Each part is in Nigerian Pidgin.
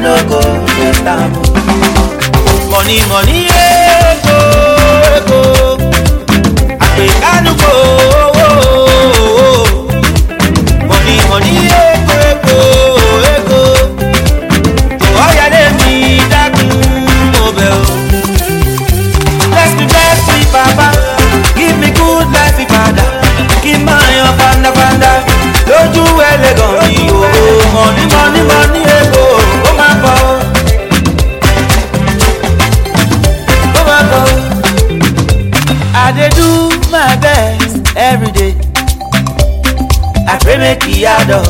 no go waste am. Money money eko eko àpè kánúkò owó. Money money eko eko eko tó ọ̀yàdé mi dákun mo bẹ̀ o. Bless me bless me papa give me good life ìpadà kí n máa yan fandafanda lójú ẹlẹ́gàn mi o. Money money money. wey make e add up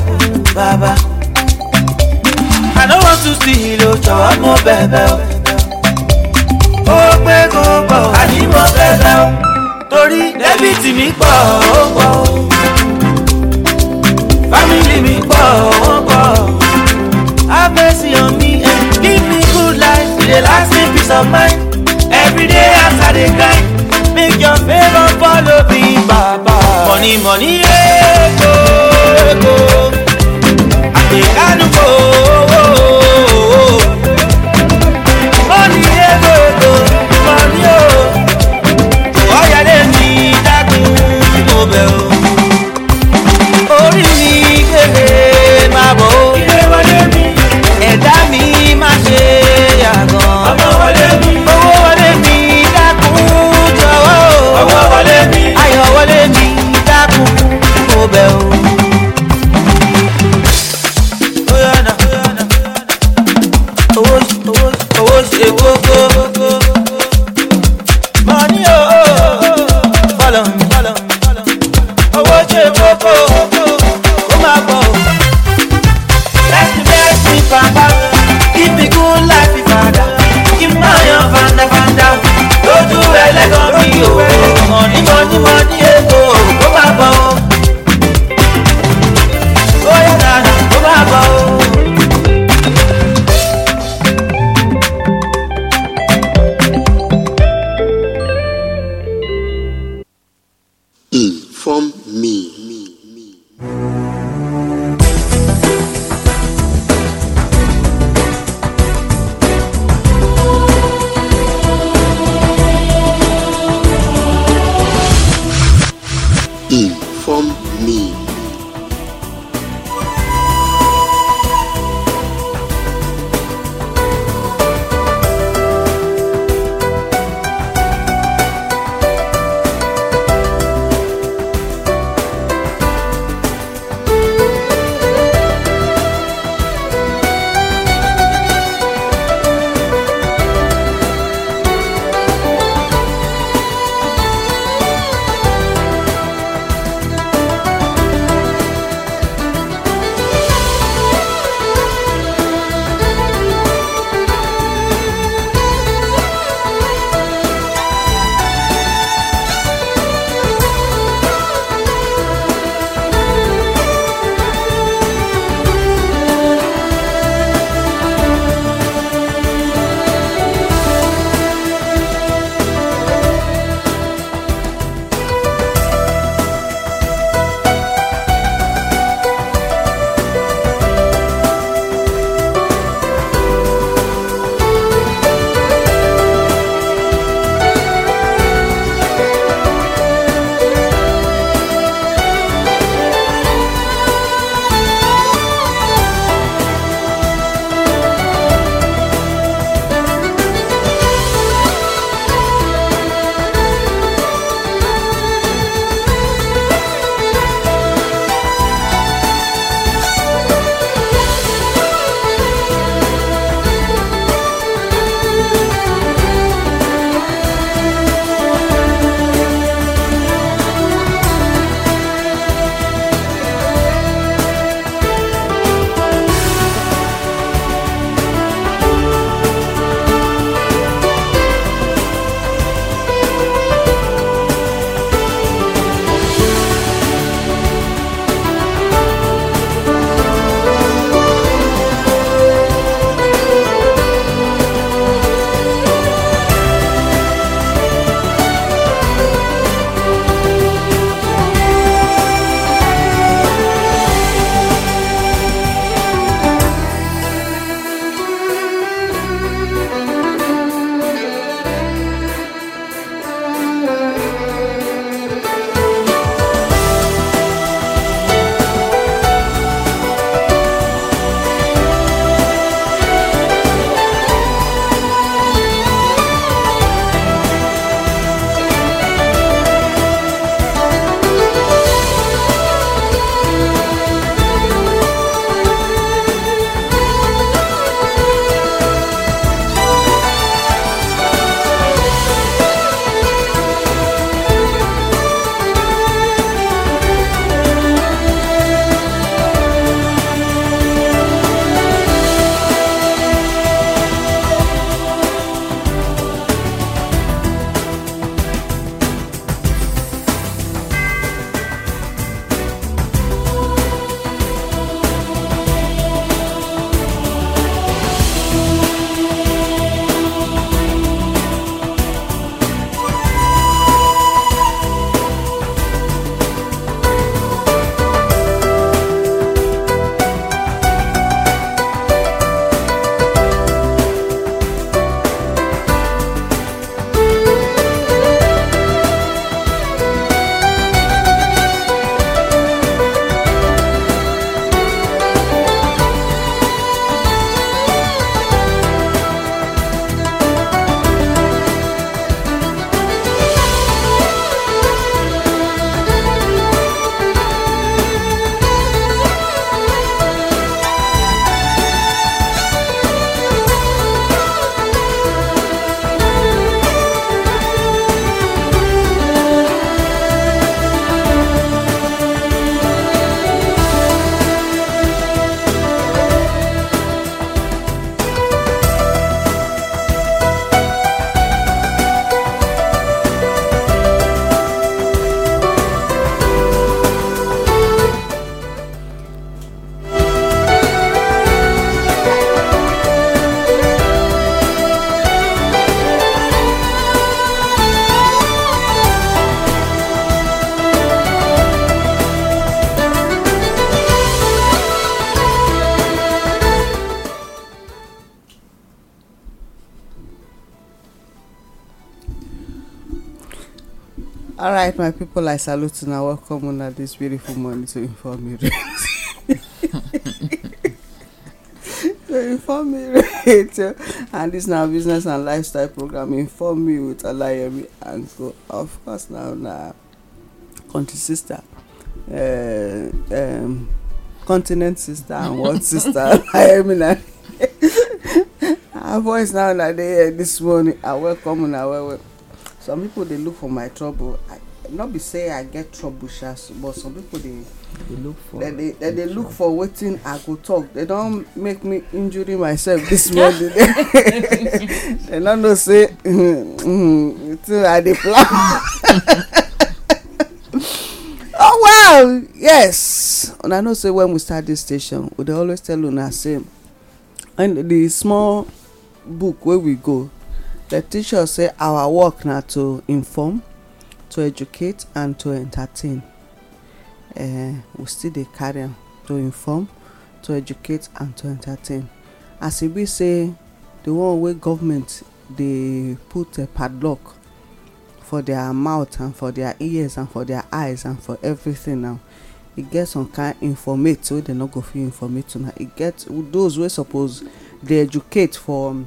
baba. I no want to see lo jọ̀wọ́ mo bẹ̀bẹ̀ o. Ó pé kó pọ̀, a ní mo bẹ̀bẹ̀ o. Torí débìtì mi pọ̀ ó pọ̀ o. Fámìlì mi pọ̀ ó pọ̀ o. Have mercy on me and eh. give me good life. E dey last me peace of mind. Every day as I dey grind. Make your favour follow me, Baba. Money, money, yeah, go. Oh. go. I dey right my people i salute una welcome on this beautiful morning to inform me to inform me radio and this now business and lifestyle program inform me with alayemi and go of course now now country sister uh, um, continent sister and world sister alayemi na her voice now na dey this morning i ah, welcome una well well some people they look for my trouble i not be say i get trouble sha but some people dey dey look for dem dey dem dey look for wetin i go talk dem don make me injury myself this morning dem no know say mm-hmm, wetin i dey plan oh well yes una know say when we start this station we dey always tell una say and the small book wey we go dey teach us say our work na to inform to educate and to entertain um we still dey carry am to inform to educate and to entertain as e be say the one wey government dey put uh, padlock for their mouth and for their ears and for their eyes and for everything now e get some kind informate wey dem no go fit informate una e get those wey suppose dey educate for um,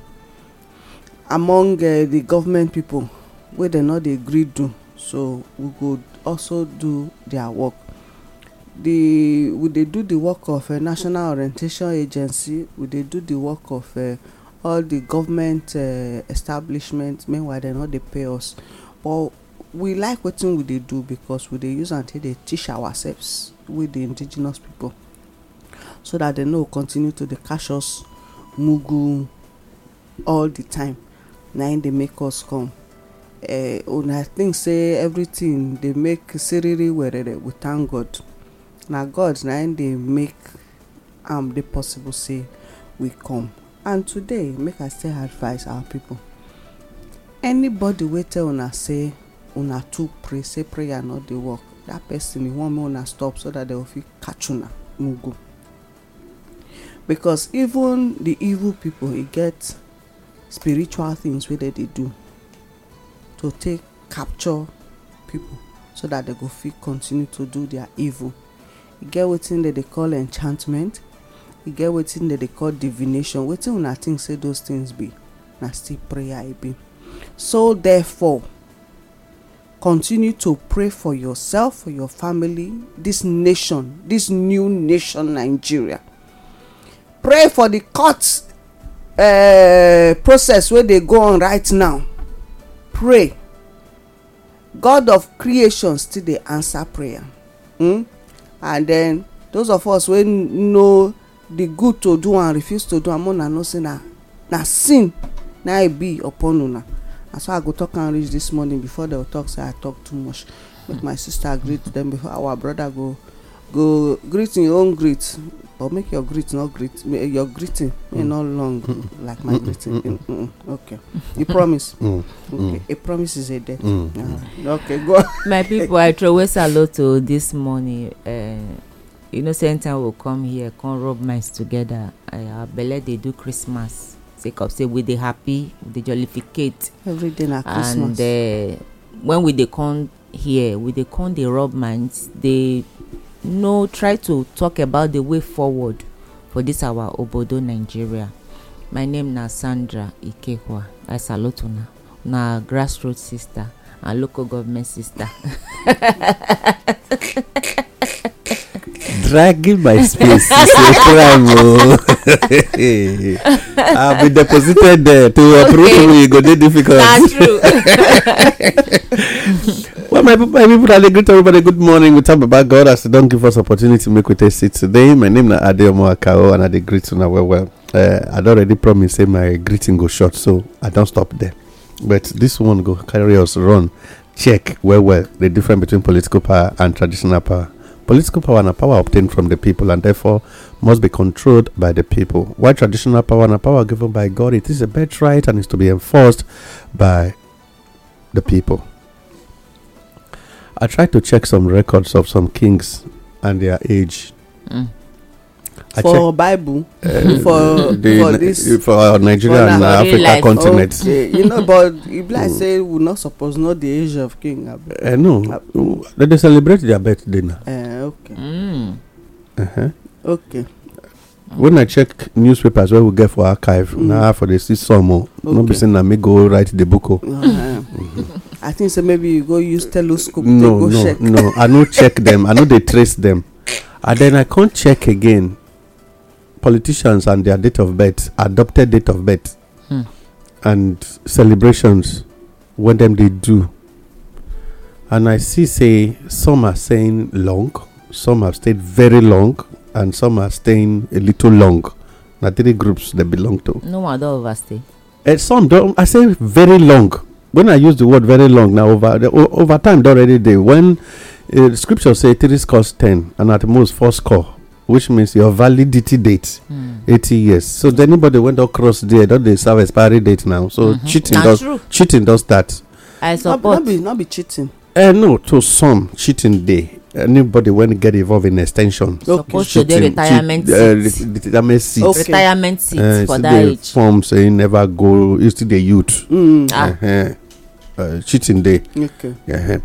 among uh, the government people wey dem no dey gree do so we go also do their work the we dey do the work of uh, national orientation agency we dey do the work of uh, all the government uh, establishment meanwhile dem no dey pay us but we like wetin we dey do because we dey use am take dey teach ourselves with the indigenous people so that dem no continue to dey catch us mugu all the time na im dey make us come una eh, think say everything dey make siriri werere we thank god na god na im dey make am um, dey possible say we come and today make i still advise our people anybody wey tell una say una too pray say prayer no dey work that person e wan make una stop so that dem go fit catch una no go because even the evil people e get spiritual things wey dem dey do to take capture people so that they go fit continue to do their evil e get wetin dem dey call enchantment e get wetin dem dey call divination wetin una think say those things be na still prayer e be so therefore continue to pray for yourself for your family this nation this new nation nigeria pray for the court uh, process wey dey go on right now pray god of creation still dey answer prayer hmm? and then those of us wey know the good to do and refuse to do am una know say na na sin na e be upon una na so i go talk am reach this morning before they talk say i talk too much make my sister greet them before our brother go go greet in your own greet but make your greet not greet your greeting may mm. not long like my greeting okay you promise mm. okay mm. a promise is a debt ah, okay go on. my people i throw away salute to this morning uh, you know same time we come here come rub minds together uh, eh, our belle dey do christmas sake of say we dey happy we dey jollificate everyday na christmas and uh, when we dey come here we dey come dey rub minds dey No, try to talk about the way forward for this our obodo nigeria my name na sandra ikehua i salute una na grassroots sister our local government sister. dragging my space is a crime o i be deposited there to okay. approve me go dey difficult. well my people my people i dey greet everybody good morning we talk about god as he don give us opportunity make we take sit today my name na adeomo akao and i dey greet una well well uh, i don already promise say my greeting go short so i don stop there. But this one go carry us run. Check well, well the difference between political power and traditional power. Political power and power obtained from the people and therefore must be controlled by the people. Why traditional power and power given by God, it is a birthright and is to be enforced by the people. I tried to check some records of some kings and their age. Mm. for check, bible uh, for the, for this for nigeria uh, and africa life. Oh. continent okay you know but e be like say we no suppose know the age of king abi. Uh, no uh, they celebrate their birthday na. Uh, eh, okay. Mm. Uh -huh. okay. when i check newspapers wey we get for archive mm. na for dey see some o oh. no be say na me go write the book o oh. uh-huh. i think say maybe you go use telescope no, go check no no i no check them. i no dey trace them, and then i come check again politicians and their date of birth, adopted date of birth, hmm. and celebrations when them they do. And I see say some are staying long, some have stayed very long, and some are staying a little long. Now three groups they belong to. No one don't overstay. And eh, some don't I say very long. When I use the word very long now over over time already day when uh, scripture say three scores ten and at most four score which means your validity date mm. 80 years so mm. anybody went across there don't they serve expiry date now so mm-hmm. cheating does true. cheating does that i support not, be not be cheating uh, no to some cheating day anybody when get involved in extension supposed to dey retirement cheat, uh, seat retirement seat okay. retirement seat uh, for that age form say never go you still the youth mm. ah. uh-huh. uh, cheating day okay uh-huh.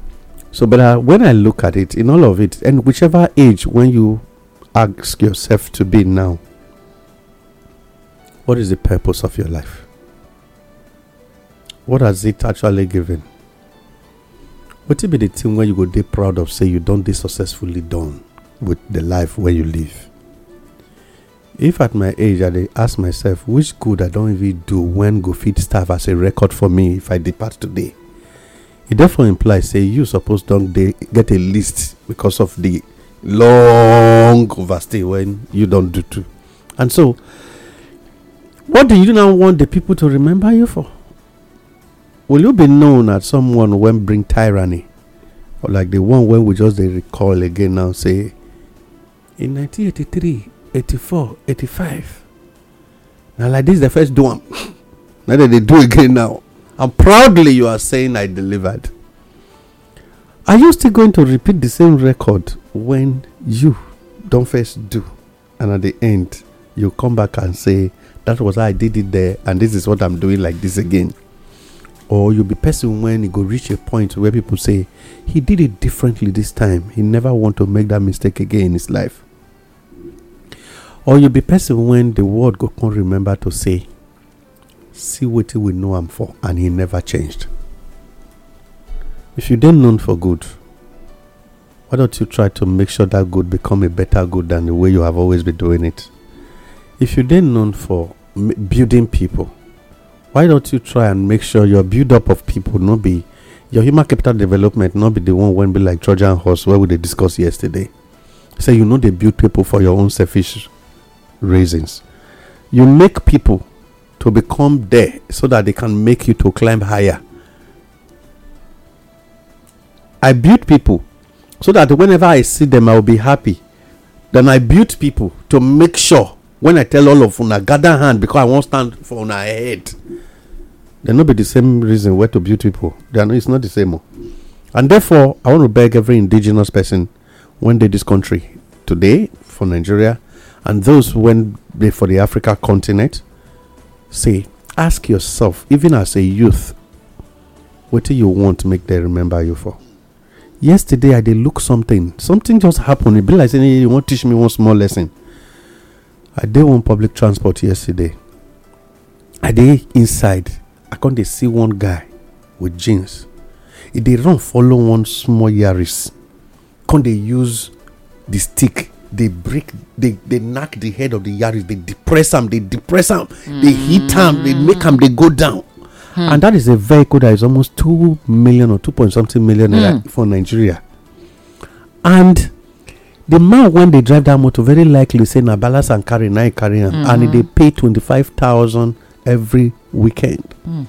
so but uh, when i look at it in all of it and whichever age when you ask yourself to be now what is the purpose of your life? What has it actually given? What will be the thing where you go be proud of say you don't this successfully done with the life where you live? If at my age I ask myself which good I don't even do when go feed staff as a record for me if I depart today, it therefore implies say you suppose don't dey get a list because of the long overstay when you don't do too. And so, what do you now want the people to remember you for? Will you be known as someone when bring tyranny? Or like the one when we just they recall again now say, in 1983, 84, 85. Now like this the first do one. now that they do again now. And proudly you are saying I delivered. Are you still going to repeat the same record when you don't first do? And at the end, you come back and say, That was how I did it there, and this is what I'm doing like this again. Or you'll be person when you go reach a point where people say, He did it differently this time. He never want to make that mistake again in his life. Or you'll be person when the world go can't remember to say, See what he will know I'm for, and he never changed. If you didn't known for good, why don't you try to make sure that good become a better good than the way you have always been doing it? If you didn't known for m- building people, why don't you try and make sure your build up of people not be your human capital development not be the one when be like Trojan horse where we they discussed yesterday. Say so you know they build people for your own selfish reasons. You make people to become there so that they can make you to climb higher I build people so that whenever I see them, I will be happy. Then I build people to make sure when I tell all of una gather hand because I won't stand for una head. There not be the same reason where to build people. Then it's not the same. Oh. And therefore, I want to beg every indigenous person when they this country today for Nigeria and those when they for the Africa continent, say, ask yourself, even as a youth, what do you want to make them remember you for? yesterday i dey look something something just happen e be like say you wan teach me one small lesson i dey on public transport yesterday i dey inside i con dey see one guy with jeans e dey run follow one small yaris con dey use the stick dey break dey knack the head of the yaris dey depress am dey depress am dey hit am dey mm. make am dey go down Hmm. And that is a vehicle that is almost 2 million or 2 point something million hmm. for Nigeria. And the man, when they drive that motor, very likely say, nabalas and carry, Nai carry, mm hmm and they hmm. pay 25,000 every weekend. Mm.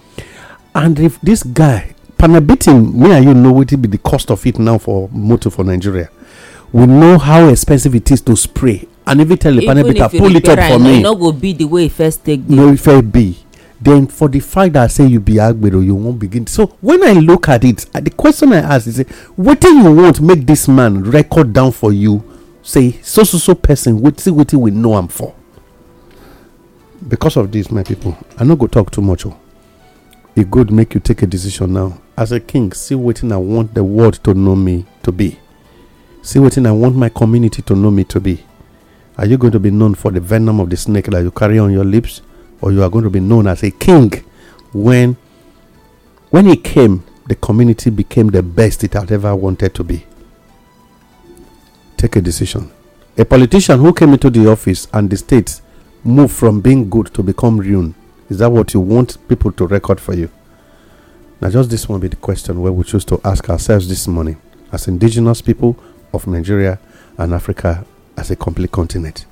And if this guy, panabitin, me and you know what it be the cost of it now for motor for Nigeria. We know how expensive it is to spray and if you tell the pull it up for me no go be the way it first take no if first be then for the fact that I say you be agbero, you won't begin. So when I look at it, the question I ask is, what do you want make this man record down for you? Say so so so person, what see what we know I'm for. Because of this, my people, I going go talk too much. Oh. It could make you take a decision now. As a king, see what I want the world to know me to be. See what I want my community to know me to be. Are you going to be known for the venom of the snake that you carry on your lips? or you are going to be known as a king when when he came the community became the best it had ever wanted to be take a decision a politician who came into the office and the state moved from being good to become ruined is that what you want people to record for you now just this will be the question where we choose to ask ourselves this morning as indigenous people of nigeria and africa as a complete continent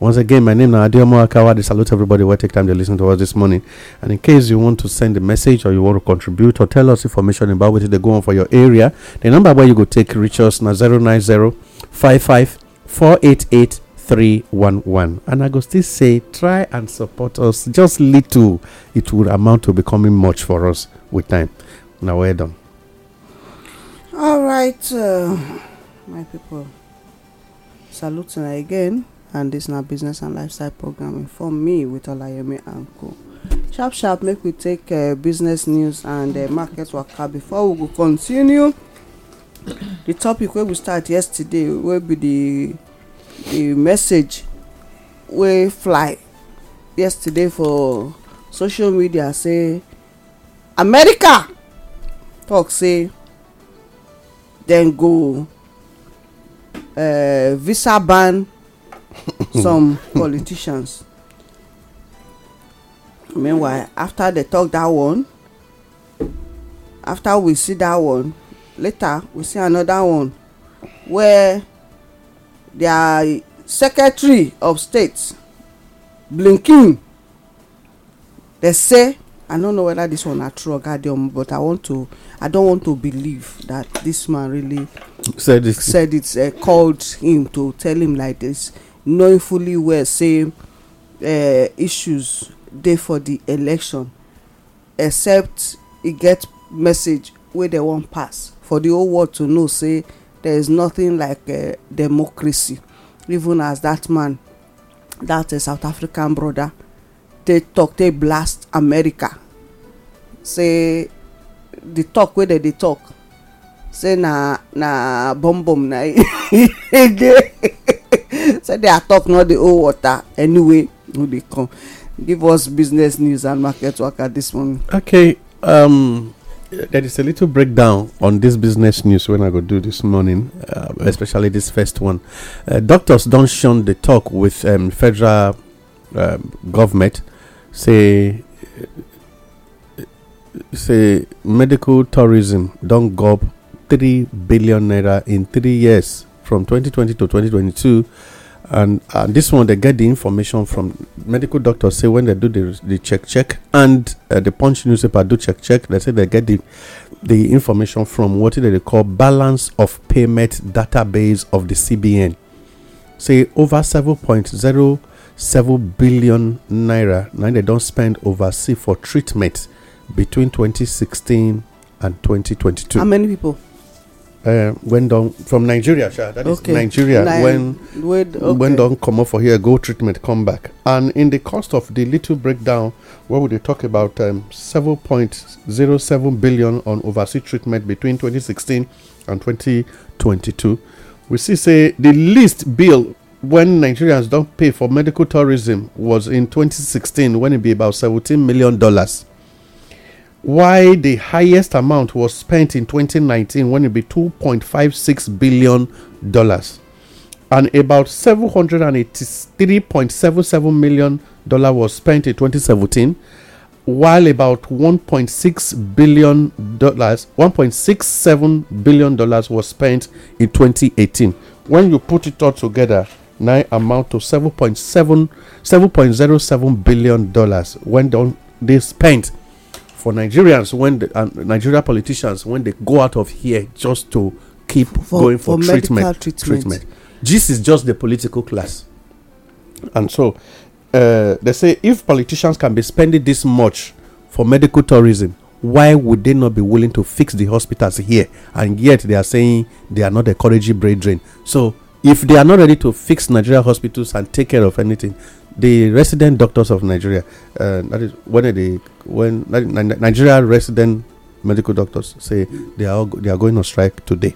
once again, my name is Adio Moakawa. I salute everybody who take time to listen to us this morning. And in case you want to send a message or you want to contribute or tell us information about what they go on for your area, the number where you go take reach us now 090 55 488 311 and i go still say try and support us just little it will amount to becoming much for us with time now we're done all right uh, my people saluting again and this na business and lifestyle programming from me with olayemi and co sharp sharp make we take eh, business news and eh, market waka before we go continue the topic wey we start yesterday wey be the the message wey fly yesterday for social media say america talk say dem go eh, visa ban some politicians meanwhile after they talk that one after we see that one later we see another one where their secretary of state blinken They say i don't know whether this one na true oga adeomu but i want to i don't want to believe that this man really said it said it uh, called him to tell him like this knowing fully well say eh, issues dey for the election except e get message wey dem wan pass for the whole world to know say there is nothing like eh, democracy even as that man that dat eh, south african brother, dey talk, dey blast america say di talk wey dem dey talk say na na bomb bomb na e, e dey say their talk not the old water anyway no dey come give us business news and market waka this morning. okay um, there is a little breakdown on this business news when I go do this morning, uh, especially this first one. Uh, doctors don't shun the talk with um, federal uh, government, say say medical tourism don't go up three billion naira in three years from 2020 to 2022 and and this one they get the information from medical doctors say when they do the, the check check and uh, the punch newspaper do check check they say they get the the information from what they call balance of payment database of the cbn say over 7.07 billion naira now they don't spend overseas for treatment between 2016 and 2022 how many people uh, when from nigeria sha, okay. nigeria Ni- when okay. when don come up for here go treatment come back and in the cost of the little breakdown what would they talk about um, 7.07 billion on overseas treatment between 2016 and 2022 we see say the least bill when nigerians don't pay for medical tourism was in 2016 when it be about 17 million dollars why the highest amount was spent in 2019 when it be 2.56 billion dollars and about 783.77 million dollar was spent in 2017 while about 1.6 billion dollars 1.67 billion dollars was spent in 2018 when you put it all together now amount to 7.7 7.07 billion dollars when they spent for Nigerians when the, uh, Nigeria politicians when they go out of here just to keep for, going for, for treatment, treatment, treatment. This is just the political class, and so uh, they say if politicians can be spending this much for medical tourism, why would they not be willing to fix the hospitals here? And yet they are saying they are not encouraging brain drain. So if they are not ready to fix Nigeria hospitals and take care of anything, the resident doctors of Nigeria, uh, that is when the when Nigeria resident medical doctors say they are they are going on strike today,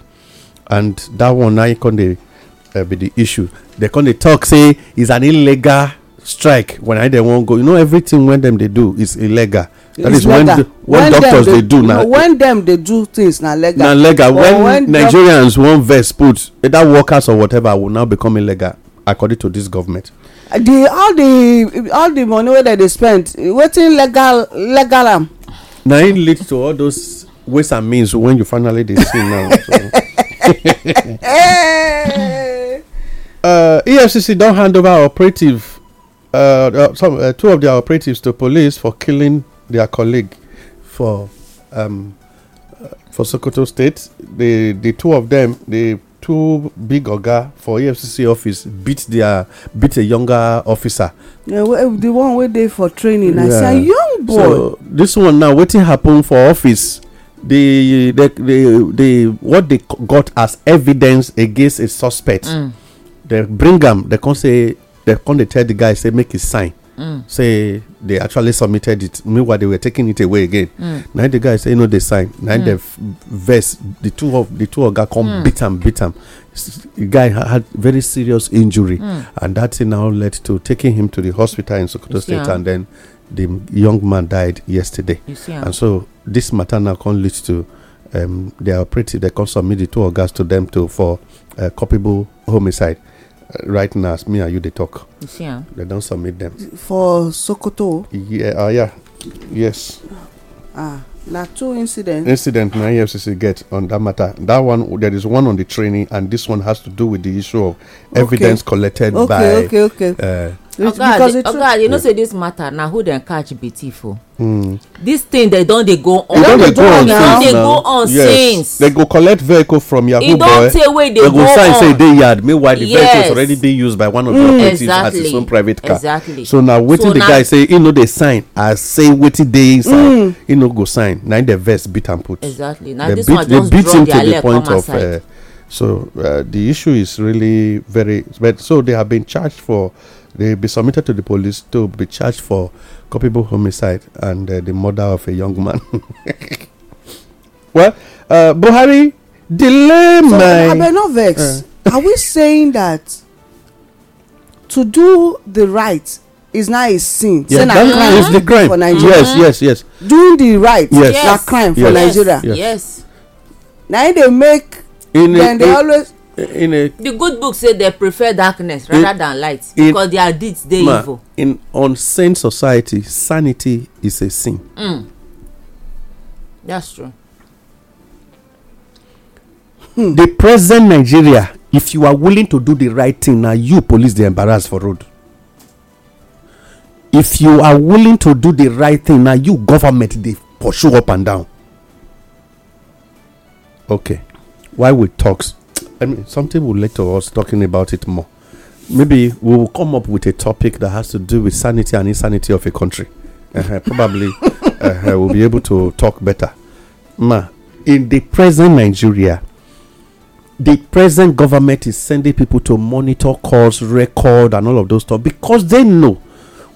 and that one now can they uh, be the issue. They can they talk say it's an illegal strike when I they won't go. You know everything when them they do is illegal. That it's is when, the, when, when doctors they, they do now. when them they do things now legal. Now legal. When, when, Nigerians won't vest put either workers or whatever will now become illegal according to this government the all the all the money wey dem dey spend wetin legal legal am. na im lead to all those ways and means when you finally dey see now. uh, efcc don hand over operative uh, uh, some uh, two of their operatives to police for killing their colleague for um, uh, for sokoto state the the two of them the two big oga for efcc office beat their beat a younger officer. Yeah, well, eh, the one wey dey for training na yeah. say young boy. so this one now wetin happen for office the the the the what they got as evidence against a suspect. Mm. they bring am they come say they come dey tell the guy say make he sign. Mm. say they actually submitted it. Meanwhile, they were taking it away again. Mm. Now the guy say, you know, they sign. Now mm. the verse, the two of the two of come mm. beat him, beat him. The guy had very serious injury, mm. and that thing now led to taking him to the hospital in Sokoto State, and then the young man died yesterday. And so this matter now can lead to. Um, they are pretty. They can submit the two of guys to them to for uh, culpable homicide right now as me and you dey talk You see They don submit them for sokoto yeah ah, yeah yes ah na two incidents incident na efcc get on dat matter dat one there is one on di training and dis one has to do with di issue of evidence collected by okay okay okay uh, it's oga you know say this matter na who dem catch be thief o hmm. This thing dem don dey go on don dey go on now dey go on since dem go collect vehicle from yahoo boy e don go on. go sign say e dey yard meanwhile the vehicle is already being used by one of the hmm. operatives as his own private car so na wetin the guy say he no dey sign as say wetin dey inside e no go sign na im dey vex beat am put dem beat him to the point of uh, so uh, the issue is really very so they have been charged for They be submitted to the police to be charged for culpable homicide and uh, the murder of a young man. well, uh, Buhari, delay so, my. I'm not vexed. Uh. Are we saying that to do the right is not a sin. Yeah, say crime is the crime for nigeria. yes yes yes. doing the right yes. a crime for yes. nigeria. yes. yes. na they make. In they dey always in a the good book say they prefer darkness rather in, than light because in, their deeds dey evil. in unsane society sanity is a sin. Mm. that's true. Hmm. the present nigeria if you are willing to do the right thing na you police dey embarrass for road if you are willing to do the right thing na you government dey pursue up and down okay why we talk I mean, something will lead to us talking about it more. Maybe we will come up with a topic that has to do with sanity and insanity of a country. uh probably uh, we'll be able to talk better. Ma, in the present Nigeria, the present government is sending people to monitor calls, record, and all of those stuff because they know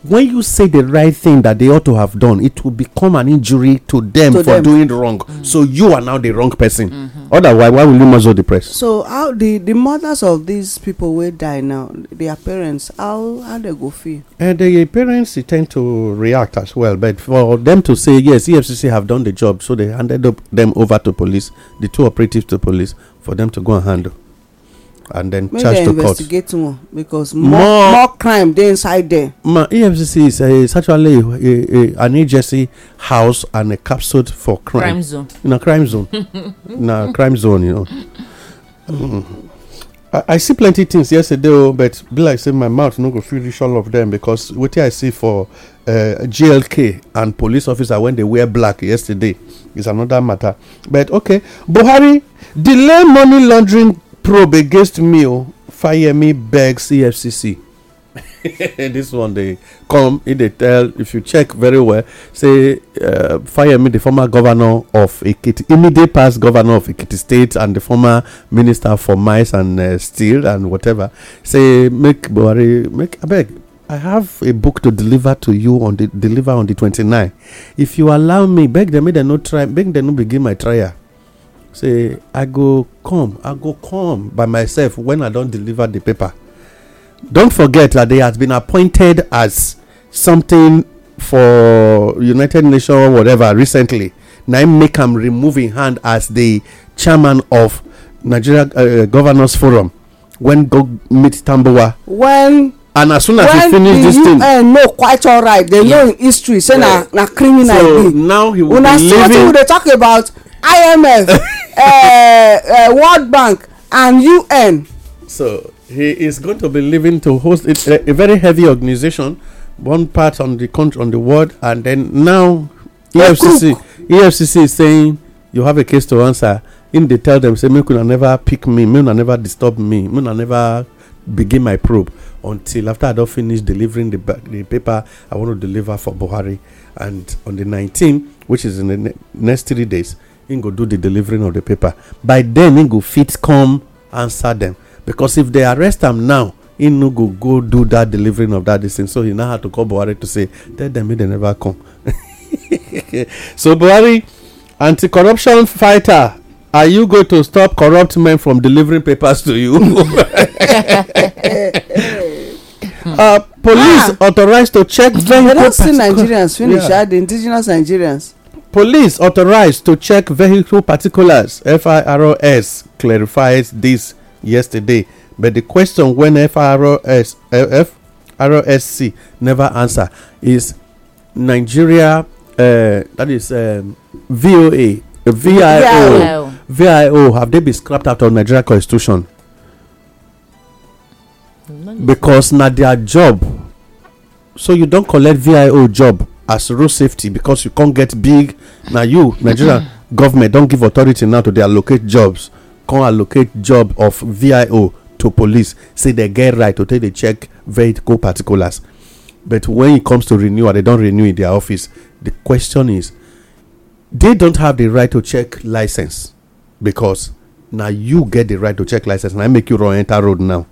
when you say the right thing that they ought to have done, it will become an injury to them to for them. doing wrong. Mm. So you are now the wrong person. Mm-hmm. Otherwise, why will you muzzle the press? So how the the mothers of these people will die now? Their parents, how how they go feel? And eh, the parents they tend to react as well. But for them to say yes, EFCC have done the job, so they handed up them over to police, the two operatives to police, for them to go and handle and then charge to court. make dem investigate more because more more crime dey inside there. ma efcc is, a, eh, is actually a, eh, a, eh, an agency house and a capsule for crime. crime zone. na crime zone na crime zone you know. Mm. I, I see plenty things yesterday o oh, but be like say my mouth no go fit reach all of them because wetin I see for uh, GLK and police officer when they wear black yesterday is another matter but okay Buhari delay money laundering probe against me oh, fire me begs efcc this one they come in they tell if you check very well say uh, fire me the former governor of ekiti immediate past governor of ekiti state and the former minister for mines and uh, steel and whatever say make buhari make abeg I have a book to deliver to you on the deliver on the 29th. If you allow me, beg them, they not try, beg them not begin my trial. say i go come i go come by myself when i don deliver the paper Don't forget that they has been appointed as something for united nations whatever recently Now make him removing hand as the chairman of nigeria uh, governors forum when go meet tambowa when and as soon as he finish this thing when di un no quite all alright dem know im history say na criminal so now he will be leaving una see wetin we dey talk about imf uh, uh, World Bank and UN. So he is going to be leaving to host a, a very heavy organization, one part on the country on the world, and then now EFCC EFCC e is saying you have a case to answer. In they tell them say make una never pick me, make una never disturb me, make una never begin my probe until after I don't finish delivering the, the paper I want to deliver for Buhari. And on the 19th, which is in the ne next three days, him go do the delivering of the paper by then him go fit come answer them. because if they arrest am now he no go go do that delivering of that thing so he now had to call buhari to say tell them make they never come so buhari anti-corruption fighter are you going to stop corrupt men from delivering papers to you? uh, police ah. authorized to check. I do see Nigerians finish. Yeah. The indigenous Nigerians. Police authorized to check vehicle particulars. FIRS clarifies this yesterday, but the question when FIRS, eh, FRSC never answer is Nigeria, uh, that is um, VOA, VIO, VIO, have they been scrapped out of Nigeria constitution? Because na their job. So you don't collect VIO job as road safety because you can't get big na you nigeria government don give authority now to dey allocate jobs come allocate job of vio to police say dem get right to take dey check vehicle particulars but when it comes to renewal they don renew in their office The question is they don't have the right to check license because na you get the right to check license and i make you run enter road now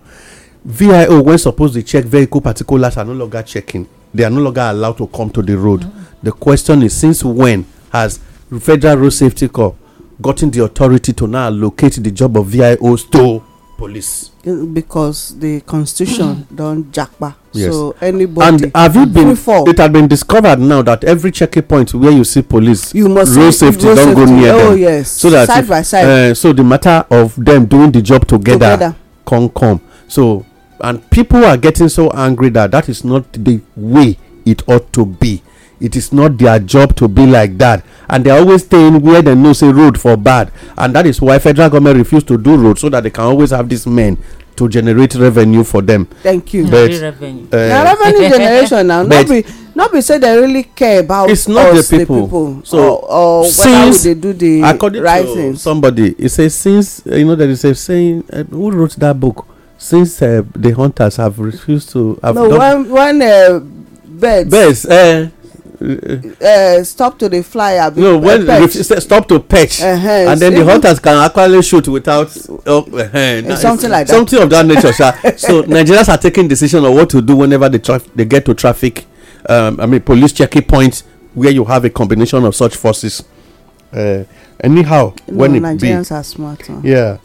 vio when suppose dey check vehicle particulars are no longer checking they are no longer allowed to come to the road. mm The question is since when has Federal Road Safety Corps gotten the authority to now locate the job of VIOs to police? Uh, because the constitution mm. don't jackpa. Yes. So anybody and have you been before. it had been discovered now that every checking point where you see police you must road safety road don't go near oh, them. Yes. So that side if, by side. Uh, so the matter of them doing the job together, together. can come. So and people are getting so angry that that is not the way it ought to be it is not their job to be like that and they are always staying where they know say road for bad and that is why federal government refuse to do road so that they can always have these men to generate revenue for them. thank you. but uh, na revenue generation now no be no be say they really care about it's not us, the, people. the people so or, or since whether they do the according to somebody he say since you know there is a saying uh, who wrote that book since uh, the hunters have refused to. Have no, when when uh, birds. Birds. Eh? Uh, uh, stop to the flyer. No, uh, when perch. stop to perch, uh-huh, and then the hunters can actually shoot without uh, uh-huh, uh, something like that. Something of that nature, sir. So Nigerians are taking decision on what to do whenever they traf- they get to traffic. Um, I mean, police checking points where you have a combination of such forces. Uh, anyhow, no, when Nigerians it be, are smart. Huh? Yeah,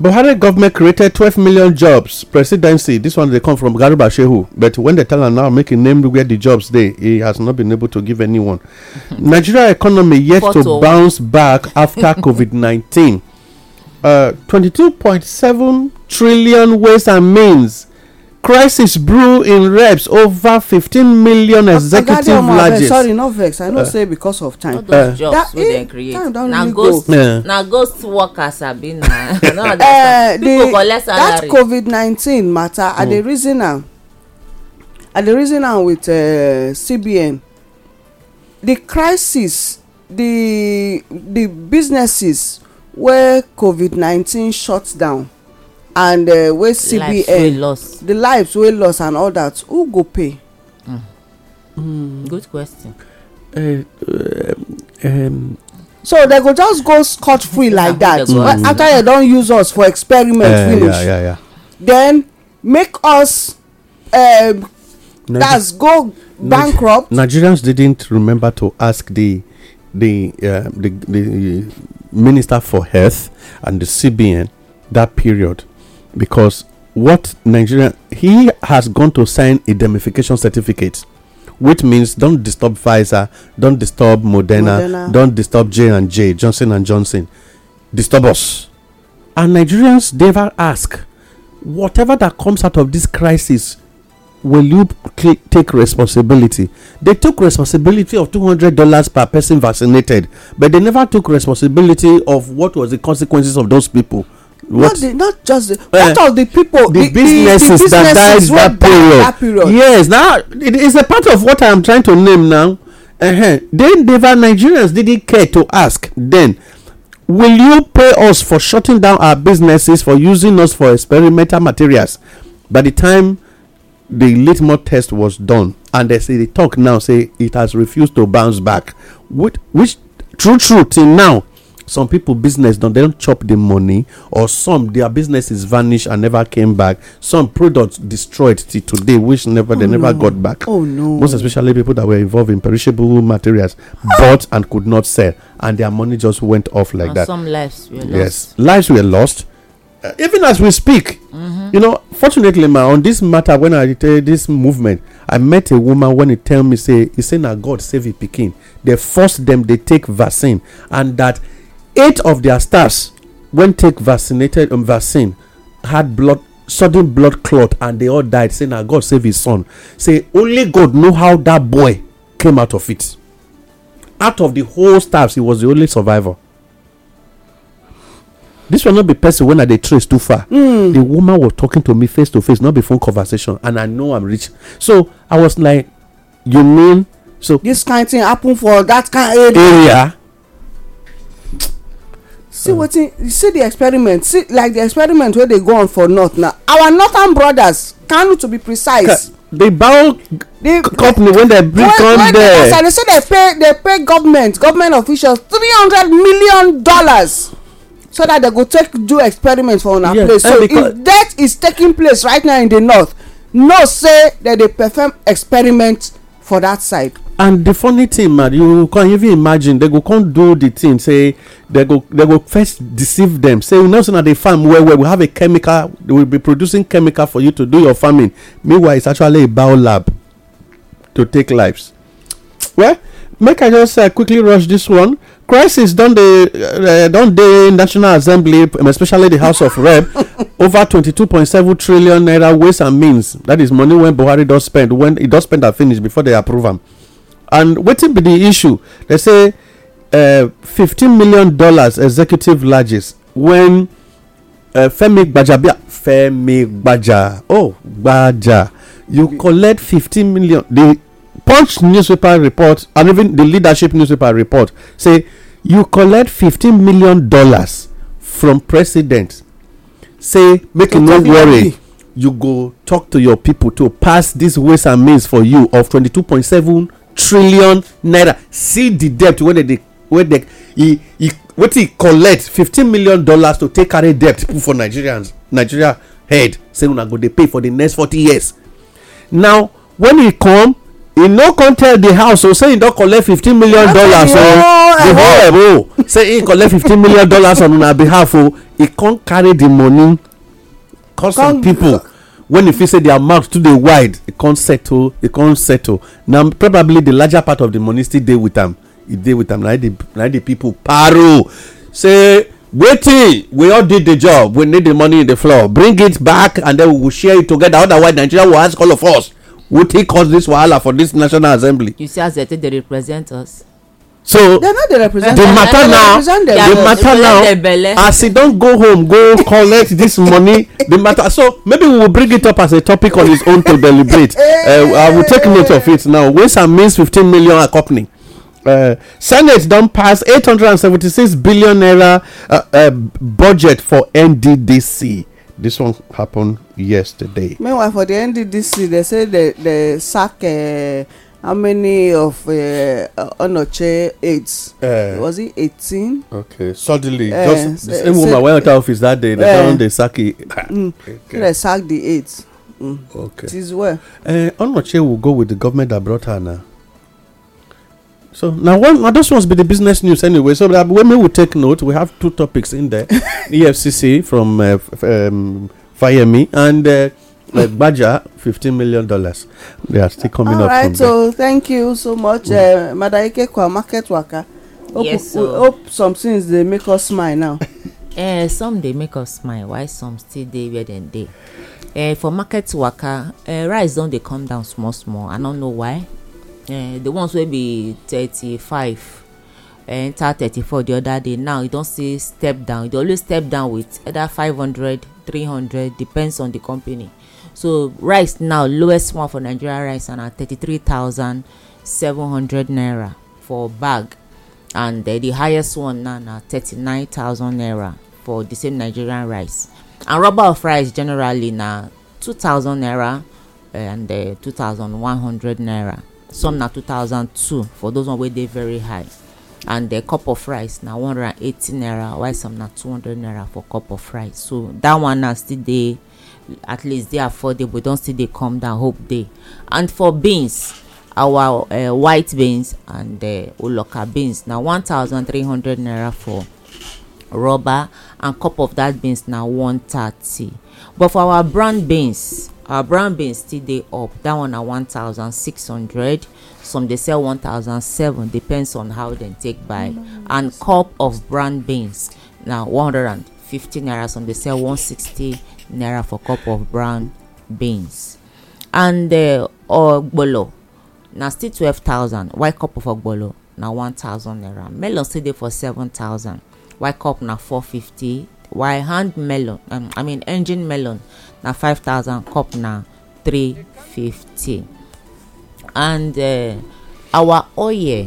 Buhari government created twelve million jobs. Presidency, this one they come from Garba Shehu. But when they tell now make a name where the jobs they he has not been able to give anyone. Nigeria economy yet Portal. to oh. bounce back after COVID nineteen. Uh, Twenty two point seven trillion ways and means crisis brew in reps over fifteen million executive largest. sorry no vex i know uh. say because of time. all those uh. jobs wey dem eh, create na ghost na ghost worker sabi na no understand people collect salary. that covid nineteen matter i dey hmm. reason am i dey reason am with uh, cbn the crisis the the businesses wey covid nineteen shut down and uh, wey cbn the lives wey loss and all that who go pay mm. hmm. good question eh, eh, um, so dem go just go scot free like dat after dem don use us for experiment eh, finish then make us um, that's go bankrupt nigerians didn't remember to ask the the uh, the minister for health and the cbn that period because what Nigeria he has gone to sign a demification certificate, which means don't disturb Pfizer, don't disturb Moderna, Moderna. don't disturb J and J, Johnson and Johnson, disturb us. And Nigerians never ask, whatever that comes out of this crisis, will you cl- take responsibility? They took responsibility of two hundred dollars per person vaccinated, but they never took responsibility of what was the consequences of those people not the not just the uh, the people the, the businesses, the, the businesses that died that period. that period yes now it is a part of what i am trying to name now uh-huh. they never nigerians didn't care to ask then will you pay us for shutting down our businesses for using us for experimental materials by the time the litmus test was done and they say the talk now say it has refused to bounce back which which true true till now some people business don't they don't chop the money or some their businesses vanished and never came back some products destroyed till today which never oh they no. never got back oh no most especially people that were involved in perishable materials bought and could not sell and their money just went off like and that some lives were yes lost. lives were lost uh, even as we speak mm-hmm. you know fortunately ma on this matter when i tell this movement i met a woman when he tell me say he say na god save e pikin dey force dem dey take vaccine and that eight of their stars when take vaccinated um, vaccine had blood sudden blood clot and they all died say na god save his son say only god know how that boy came out of it out of the whole staffs he was the only survivor this will not be person when i dey trace too far mm. the woman was talking to me face to face not be phone conversation and i know i'm rich so i was like you mean so this kind thing happen for that kind area, area see wetin see the experiment see like the experiment wey dey go on for north now our northern brothers kanu to be precise. the bow company wey dem bring come there. as i dey say dey pay dey pay government government officials three hundred million dollars so that they go take do experiment for una yes, place so if that is taking place right now in the north know say dem dey perform experiment for that side and the funny thing man you can even imagine they go come do the thing say they go they go first deceive them say you know so na the farm well well we have a chemical we will be producing chemical for you to do your farming meanwhile it's actually a bio lab to take lives well make i just uh, quickly rush this one crisis don the uh, uh don dey national assembly um, especially the house of rep over twenty-two point seven trillion naira waste and means that is money when buhari does spend when e does spend am finish before they approve am and wetin be the issue They say eh, fifteen million dollars executive largest wen eh, femi gbajabia femi gbaja oh gbaja you collect fifteen million the punch newspaper report and even the leadership newspaper report say you collect fifteen million dollars from president say make you no worry you go talk to your people to pass this ways and means for you of twenty-two point seven trillion naira see the debt wey dey wey dey e e wetin e collect fifteen million dollars to take carry debt put for nigerians nigeria head say una go dey pay for the next forty years now when e come e no come tell the house o oh, say e don collect fifteen million dollars o di whole o say e collect fifteen million dollars on una behalf o oh. e come carry the money cause some people when e feel say their mouth too dey wide e con settle e con settle na probably the larger part of the money still dey with am e dey with am na the people paro say wetin we all did the job we need the money in the floor bring it back and then we will share it together otherwise nigeria will ask all of us wetin cause this wahala for this national assembly. you see as they take dey represent us so the matter now the matter now as e don go home go collect this money the matter so maybe we will bring it up as a topic on its own to deliberate uh, i will take note of it now ways and means Fifteen million accompany uh, senate don pass six billion naira uh, budget for nddc this one happened yesterday meanwhile for the nddc they say they sack how many of uh, onoche aides uh, was he eighteen. okay suddenly uh, just the same woman wey enter office that day na don dey sack e. dey sack the aides. Mm. okay it is well. Uh, onoche will go with the government that brought her now. So now, one, now those ones be the business news anyway. So that when we will take note, we have two topics in there: EFCC from uh, um, Fire Me and. Uh, like Baja, fifteen million dollars. They are still coming All up. All right, so there. thank you so much, mm. uh, eh, Madaike Kwa Market worker. Hope, yes, so. hope some things they make us smile now. uh, some they make us smile. Why some still they where then they? Uh, eh, for market worker, uh, rice don dey come down small small. I don't know why. Uh, the ones will be thirty-five enter thirty-four the other day now you e don't see step down They e always step down with either five hundred three hundred depends on the company so rice now lowest one for nigeria rice na thirty-three thousand seven hundred naira for bag and uh, the highest one now na thirty-nine thousand naira for the same nigerian rice and rubber of rice generally na two thousand naira eh, and eh, two thousand one hundred naira some na two thousand two for those one wey dey very high and the cup of rice na one hundred and eighty naira while some na two hundred naira for cup of rice so that one na still dey at least dey affordable don still dey come down hope dey and for beans our uh, white beans and uh, oloka beans na one thousand three hundred naira for rubber and cup of that beans na one thirty but for our brown beans our brown beans still dey up that one na one thousand six hundred some dey sell one thousand seven depends on how dem take buy and cup of brown beans na one hundred and fifty naira some dey sell one sixty naira for cup of brown beans and ogbolo uh, na still twelve thousand while cup of ogbolo na one thousand naira melon still dey for seven thousand while cup na four fifty while hand melon um, i mean engine melon na five thousand cup na three fifty and uh, our oil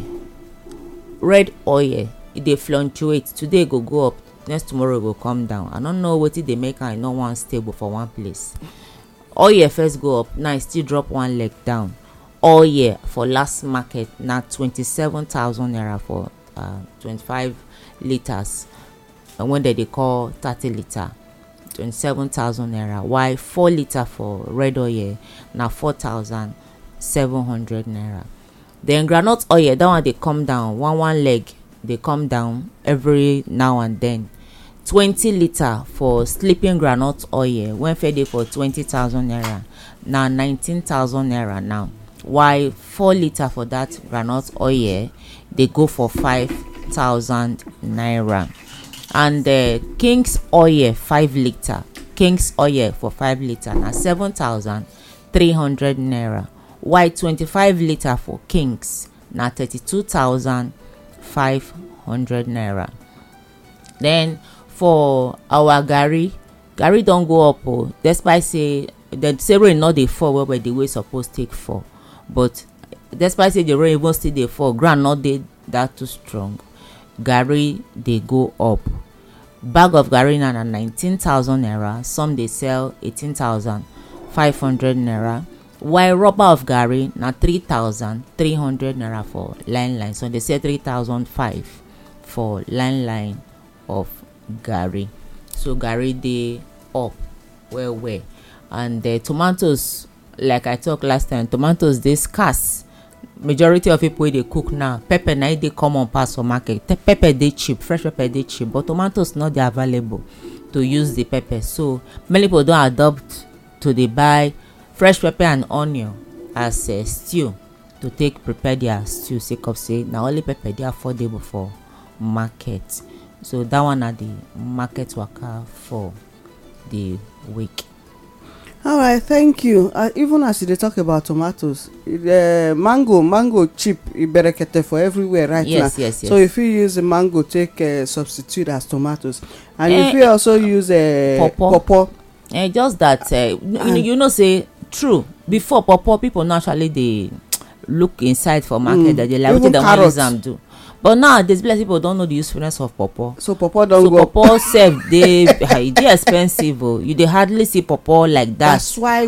red oil e dey fluctuate today go go up sickness tomorrow go come down i no know wetin dey make i no wan stable for one place all year first go up now e still drop one leg down all year for last market na twenty-seven thousand naira for uh, twenty-five uh, litres and when dem dey call thirty litre twenty-seven thousand naira while four litre for red oil na four thousand seven hundred naira then groundnut oil that one dey come down one one leg dey come down every now and then twenty litre for sleeping groundnut oil wey fit dey for twenty thousand naira na nineteen thousand naira now while four litre for that groundnut oil dey go for five thousand naira and uh, king's oil five litre king's oil for five litre na seven thousand three hundred naira while twenty-five litre for king's na thirty-two thousand five hundred naira then for our garri garri don go up o despite say dem say rain no dey fall well well the way e suppose take fall but despite say the rain even still dey fall ground no dey that too strong garri dey go up bag of garri now na nineteen thousand naira some dey sell eighteen thousand five hundred naira while rubber of garri na three thousand three hundred naira for line line some dey sell three thousand five for line line of garri so garri dey up well well and uh, tomatoes like i talk last time tomatoes dey scarce majority of people wey dey cook now pepper na e dey common pass for market Te pepper dey cheap fresh pepper dey cheap but tomatoes no dey available to use the pepper so many people don adopt to dey buy fresh pepper and onion as uh, stew to take prepare their stew sake of say na only pepper dey affordable for market so that one na the market waka for the week. all right thank you uh, even as you dey talk about tomatoes uh, mango mango cheap iberekete for everywhere right yes, now yes, yes. so you fit use mango take uh, substitute as tomatoes and eh, you fit also use uh, pawpaw pawpaw. Eh, just that uh, you, you know say true before pawpaw people naturally dey look inside for market mm, they dey like wetin dem wan use am do but now there's plenty people don't know the usefulness of pawpaw. so pawpaw don so go so pawpaw sef dey e dey expensive Oh, you dey hardly see pawpaw like that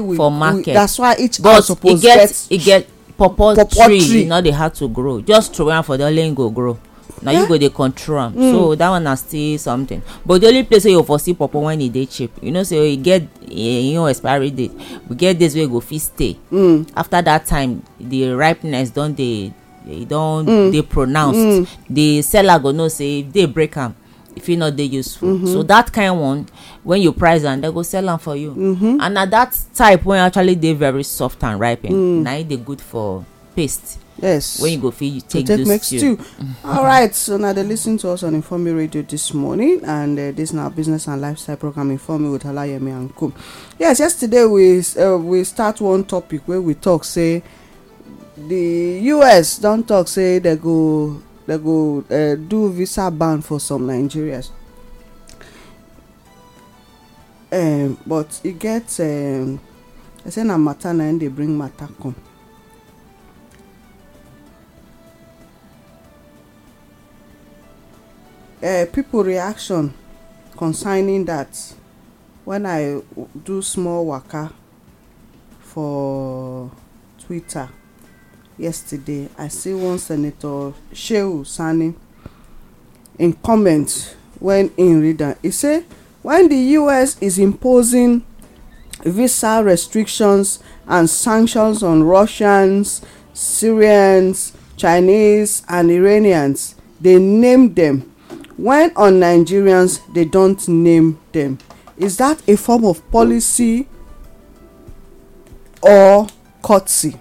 we, for market we, that's why each but house suppose get but e get pawpaw tree, tree. e no dey hard to grow just throw am for there only go grow na yeah. you go dey control am mm. so that one na still something but the only place wey you for see pawpaw when e dey cheap you know say so e get e eh, own expiry date we get days wey go fit stay mm. after that time the ripeness don dey e don dey mm. pronounced mm. the seller go know say if dey break am e fit not dey useful mm-hmm. so that kind one when you price am they go sell am for you mm-hmm. and na that type wey actually dey very soft and ripen eh, mm. na e dey good for paste yes When you go fit take take do two. all right so now they listen to us on informe radio this morning and uh, this now business and lifestyle program informe with alayemi and co yes yesterday we uh, we start one topic where we talk say The us don talk. say they go they go eh, do visa ban for some nigerians um, but e get um, i say na mata na im dey bring mata come uh, people reaction concerning that when i do small waka for twitter yesterday, I see one Senator Shehu Sani in comments when in reader. He said, when the US is imposing visa restrictions and sanctions on Russians, Syrians, Chinese, and Iranians, they name them. When on Nigerians, they don't name them. Is that a form of policy or courtesy?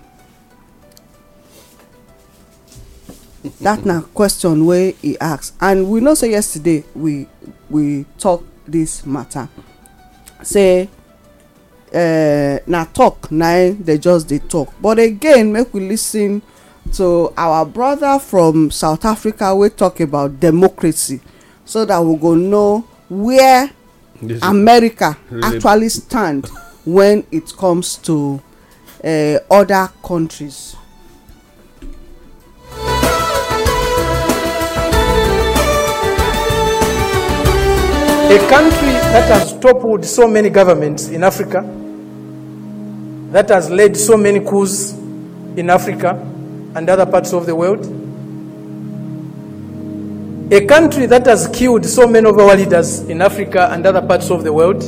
that na question wey e ask and we know say yesterday we we talk this matter say uh, na talk na im e dey just dey talk but again make we lis ten to our brother from south africa wey talk about democracy so that we go know where this america really actually stand when it comes to uh, other countries. A country that has toppled so many governments in Africa, that has led so many coups in Africa and other parts of the world, a country that has killed so many of our leaders in Africa and other parts of the world,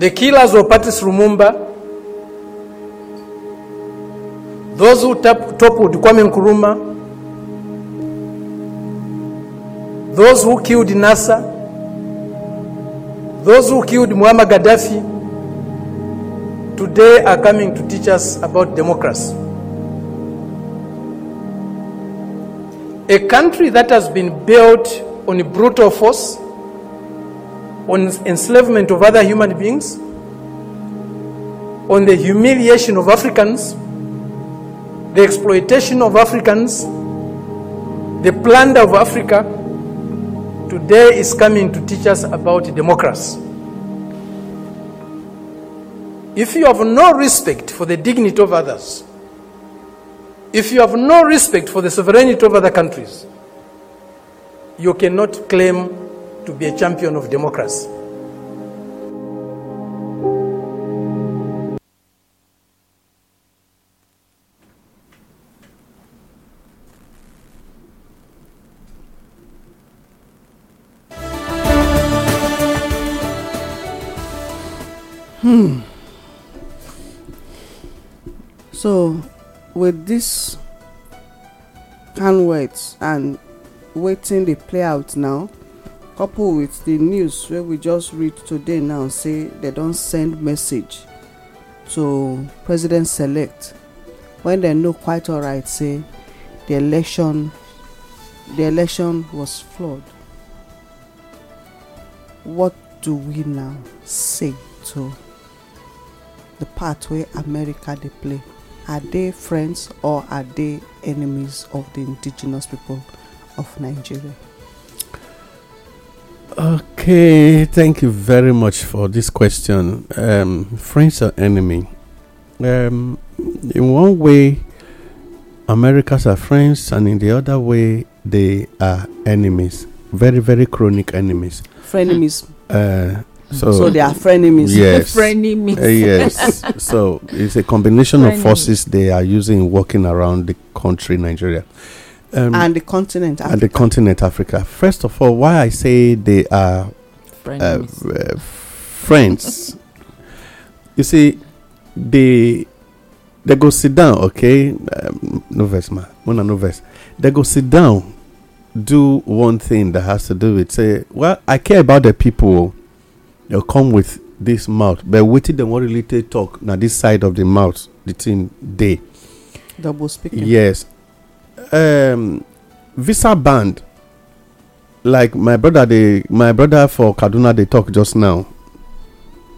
the killers of Patrice Lumumba, those who toppled Kwame Nkrumah, Those who killed Nasser, those who killed Muammar Gaddafi, today are coming to teach us about democracy. A country that has been built on brutal force, on enslavement of other human beings, on the humiliation of Africans, the exploitation of Africans, the plunder of Africa today is coming to teach us about democracy. If you have no respect for the dignity of others, if you have no respect for the sovereignty of other countries, you cannot claim to be a champion of democracy. hmm so with this, kind words and waiting the play out now coupled with the news where we just read today now say they don't send message to president select when they know quite all right say the election the election was flawed what do we now say to the part america they play are they friends or are they enemies of the indigenous people of nigeria okay thank you very much for this question um, friends or enemy um, in one way americans are friends and in the other way they are enemies very very chronic enemies frenemies uh, so, so they are frenemies. Yes. frenemies. Uh, yes. so it's a combination of forces they are using walking around the country, Nigeria. Um, and the continent Africa. And the continent Africa. First of all, why I say they are uh, uh, friends. you see, they they go sit down, okay? Um, no verse, man. Mona no verse. They go sit down, do one thing that has to do with say, well, I care about the people oh. dem come with this mouth but wetin dem wan really take talk na this side of the mouth the thing dey double speaking yes um, visa band like my brother dey my brother for kaduna dey talk just now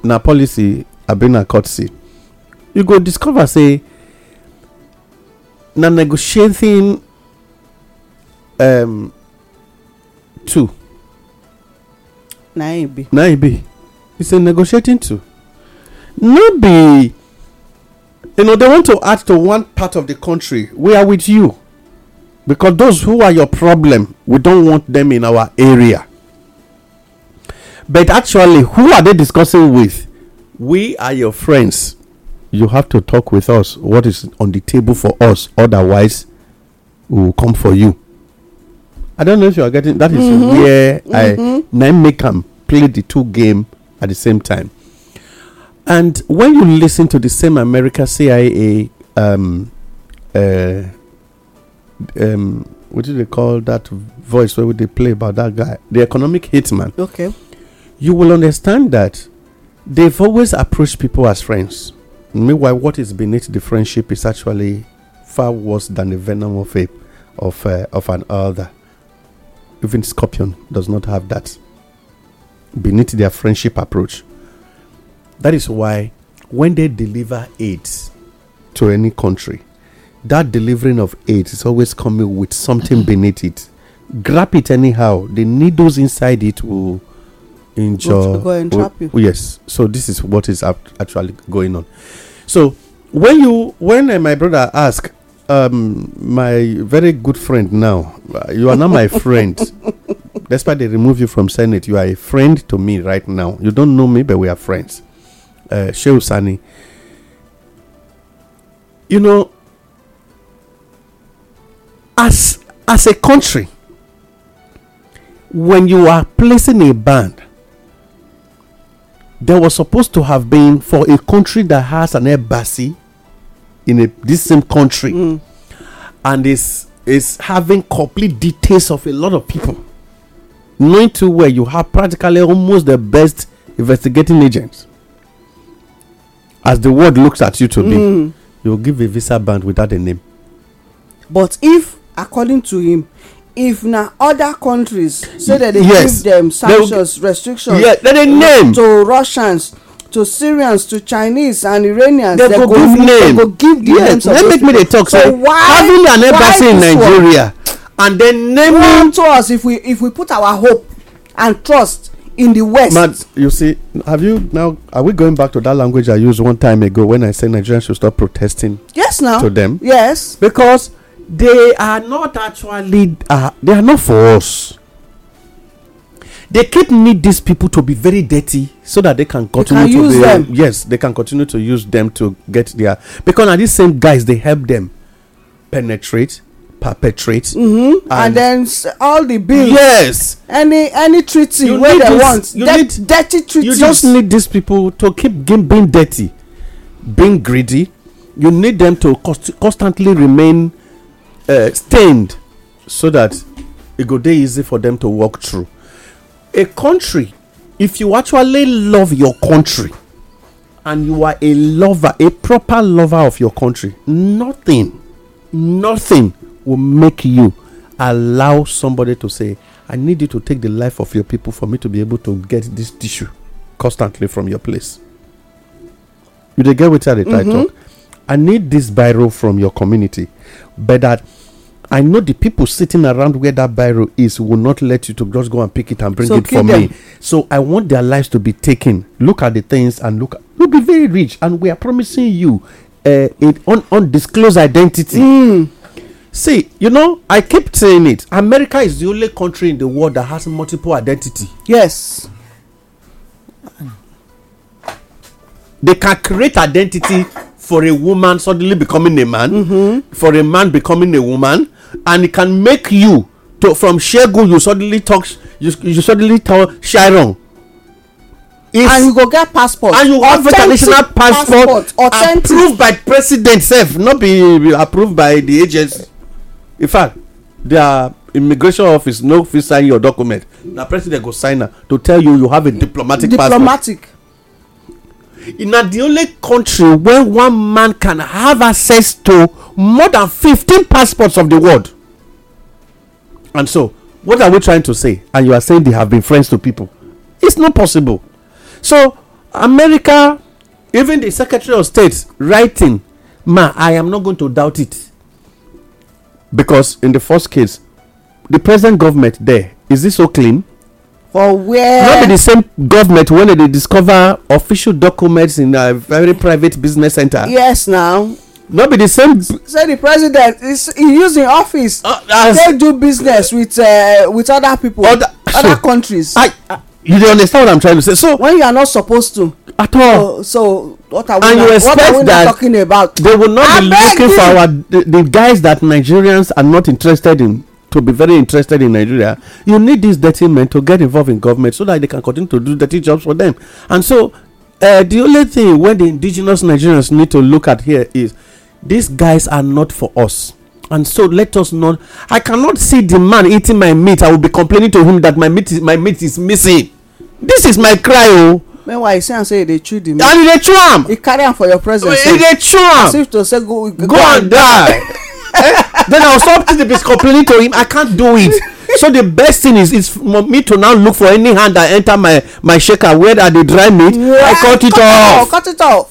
na policy abina courtesy you go discover say na negotiating um, two na e be na e be Is a negotiating tool no be you know they want to add to one part of the country we are with you because those who are your problem we don't want them in our area but actually who are they discussing with we are your friends you have to talk with us what is on the table for us otherwise we will come for you i don't know if you are getting that is mm-hmm. where mm-hmm. i now make them play the two game at the same time. And when you listen to the same America CIA, um, uh, um, what do they call that voice where they play about that guy? The economic hitman. Okay. You will understand that they've always approached people as friends. Meanwhile, what is beneath the friendship is actually far worse than the venom of a of uh, of an other. Even scorpion does not have that beneath their friendship approach. That is why when they deliver aids to any country, that delivering of aid is always coming with something beneath it. Grab it anyhow. The needles inside it will enjoy. Go, and trap you. Yes. So this is what is actually going on. So when you when uh, my brother asked, um, my very good friend now, uh, you are not my friend. Despite they remove you from Senate, you are a friend to me right now. You don't know me, but we are friends. Uh, Shehu Sani. You know, as as a country, when you are placing a ban, there was supposed to have been for a country that has an embassy in a, this same country mm. and is is having complete details of a lot of people knowing too well you have practically almost the best investigating agents as the world looks at you today mm. you give a visa band without a name. but if according to him if na other countries say dem dey yes. give dem sanctions restrictions yeah, they name. to russians to syrians to chinese and iranians dem go, go give name dem go give the yes. names of those people so why why this one and then naming. come to us if we if we put our hope and trust in the west. Matt, you see, have you now? Are we going back to that language I used one time ago when I said Nigerians should stop protesting? Yes, now to them. Yes, because they are not actually uh, they are not for us. They keep need these people to be very dirty so that they can continue they can to use be, uh, them. yes, they can continue to use them to get their because at these same guys they help them penetrate perpetrate. Mm-hmm. And, and, then all the bills. Yes. Any any treaty you where they want. dirty treaty. You just need these people to keep being dirty, being greedy. You need them to cost- constantly remain uh, stained, so that it go day easy for them to walk through. A country, if you actually love your country, and you are a lover, a proper lover of your country, nothing, nothing will make you allow somebody to say, I need you to take the life of your people for me to be able to get this tissue constantly from your place. You get with that mm-hmm. I talk. I need this biro from your community, but that I know the people sitting around where that biro is will not let you to just go and pick it and bring so it for them. me. So I want their lives to be taken. Look at the things and look. we will be very rich, and we are promising you uh, eh, an undisclosed identity. Mm See, you know, I keep saying it. America is the only country in the world that has multiple identity. Yes. They can create identity for a woman suddenly becoming a man, mm-hmm. for a man becoming a woman, and it can make you to from Shegun you suddenly talk you, you suddenly talk Sharon. If, and you go get passport and you have international passport, passport approved by president sef not be approved by the agency in fact their immigration office no fit sign your document na president go sign am to tell you you have a diplomatic passport diplomatic e na the only country where one man can have access to more than fifteen passports of the world and so what are we trying to say and you are saying they have been friends to people it's not possible so america even the secretary of state writing ma i am not going to doubt it because in the first case the present government there is this so clean for where not be the same government when they discover official documents in a very private business center yes now not be the same. say the president is he use him office uh, take do business with uh, with other people other, other so countries. I, I, you dey understand what i'm trying to say so. when you are not supposed to at all. So, so what are we and not, you expect what that talking about? They will not I be looking you. for our the, the guys that Nigerians are not interested in to be very interested in Nigeria. You need these dirty men to get involved in government so that they can continue to do dirty jobs for them. And so, uh, the only thing when the indigenous Nigerians need to look at here is these guys are not for us. And so let us know. I cannot see the man eating my meat. I will be complaining to him that my meat is my meat is missing. This is my cry, oh meanwhile you see am say you dey chew the meat and He dey chew am you carry am for your presence you dey chew am as if to say go go and die eh? then i will stop till the place complaining to him i can't do it so the best thing is is for me to now look for any hand that enter my my shaker where i dey dry meat yeah, i cut it off. off cut it off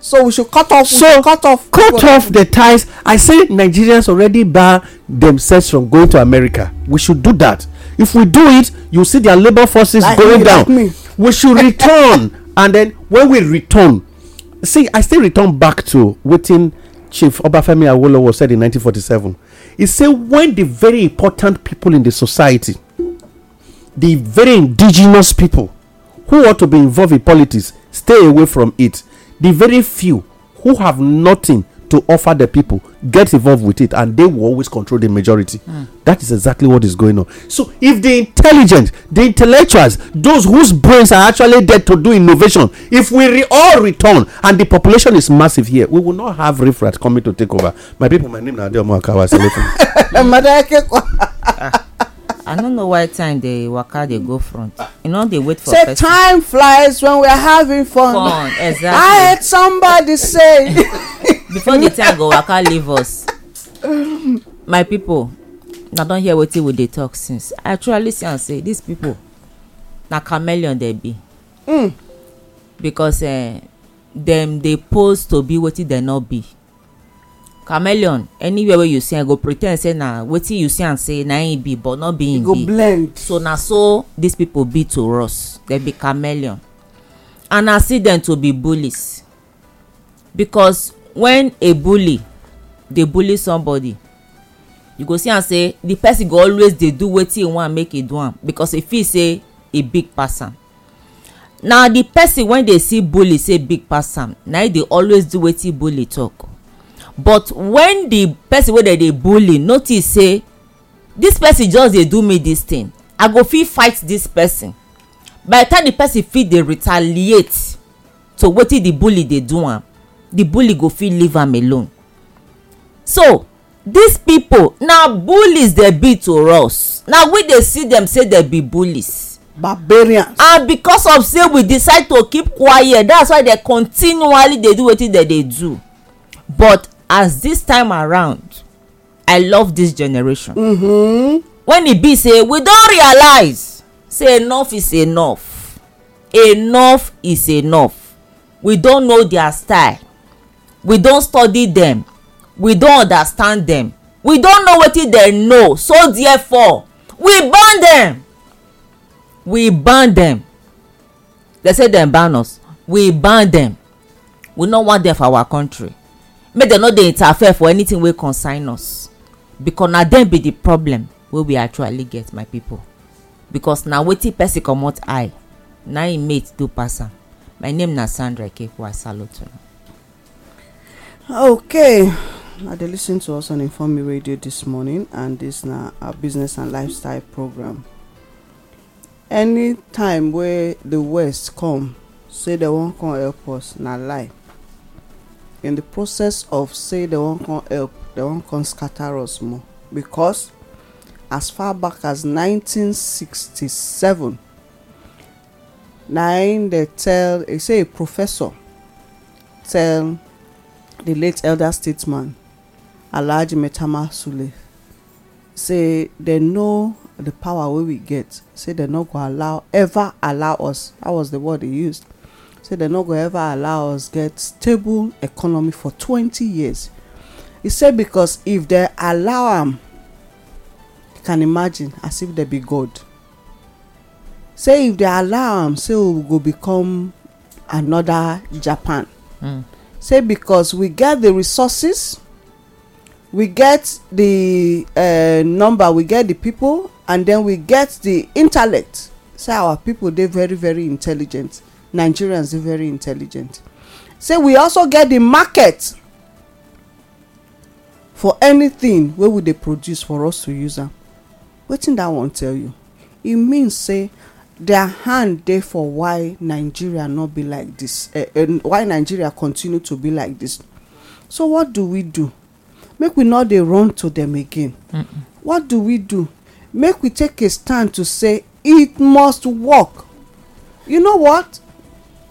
so we should cut off so cut off cut off the ties i say nigerians already bar themselves from going to america we should do that if we do it you see their labour forces like going me, down like me we should return and then when we return see i still return back to wetin chief obafemi awolowo said in 1947 he say when the very important people in the society the very indigenous people who ought to be involved in politics stay away from it the very few who have nothing to offer the people get involved with it and they will always control the majority mm. that is exactly what is going on so if the intelligent the intellectuals those whose brains are actually there to do innovation if we re all return and the population is massive here we will not have riffraff coming to take over my people my name na adeomo akawa i don't know why time dey waka They go front You know they wait for say person. time flies when we are having fun. fun exactly. i heard somebody say before the time go waka leave us my people na don hear wetin we dey talk since i actually see am say these people na chameleon dem be mm. because uh, dem dey pose to be wetin dem no be chameleon anywhere wey you see am go pre ten d say na wetin you see am say na im be but no be e im be blend. so na so these people be to us dem be chameleon and i see dem to be bullies because when a bully dey bully somebody you go see am say the person go always dey do wetin he wan make he do am because e feel say e big pass am na the person wey dey see bully say big pass am na e dey always do wetin bully talk but when the person wey dey dey bully notice say this person just dey do me this thing i go fit fight this person by the time the person fit dey retaliate to wetin the bully dey do am the bully go fit leave am alone so these people na bullies dey be to us na we dey see them say they be bullies barbarians and because of say we decide to keep quiet that's why they continually dey do wetin they dey do but as this time around i love this generation mm -hmm. when e be say we don realize say enough is enough enough is enough we don know their style we don study dem we don understand dem we don know wetin dem know so therefore we ban dem we ban dem dey say dem ban us we ban dem we no want dem for our country make dem no dey interfere for anything wey concern us because na dem be the problem wey we actually get my people because na wetin person comot eye na im mate do pass am my name na sandra ikekwa salotuna. Okay, they listen to us on Inform Radio this morning, and this now our business and lifestyle program. Any time where the West come, say they won't come help us, na lie. In the process of say they won't come help, they won't come scatter us more because as far back as 1967 na they tell they say a professor tell the late elder statesman alhaji metama sule say dem know the power wey we get say dem no go allow ever allow us that was the word he used say dem no go ever allow us get stable economy for twenty years He say because if dem allow am you can imagine as if dem be god say if dem allow am say we go become another japan hmm say because we get the resources we get the uh, number we get the people and then we get the intellect say our people dey very very intelligent nigerians dey very intelligent say we also get the market for anything wey we dey produce for us to use am wetin dat one tell you e mean say their hand dey for why nigeria no be like this uh, uh, why nigeria continue to be like this so what do we do make we no dey run to them again Mm-mm. what do we do make we take a stand to say it must work you know what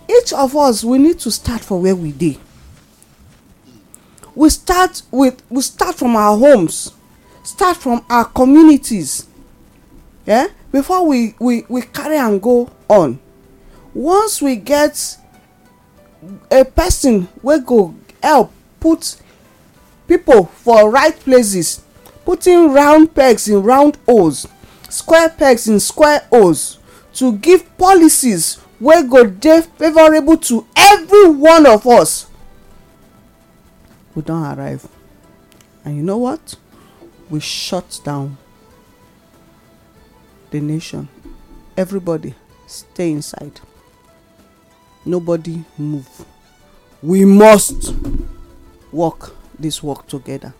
each of us we need to start for where we dey we start with we start from our homes start from our communities eh before we we we carry am go on once we get a person wey go help put people for right places putting round pegs in round holes square pegs in square holes to give policies wey go dey favourable to every one of us we don arrive and you know what we shut down the nation. Everybody stay inside. Nobody move. We must work this work together.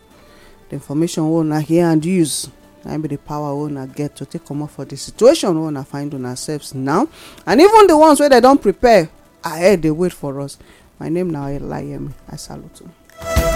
The information wey una hear and use na be the power wey una get to take up for the situation wey una find una selves now and even the ones where they don't prepare I ahead they wait for us. My name now na Olayemi. I salute you.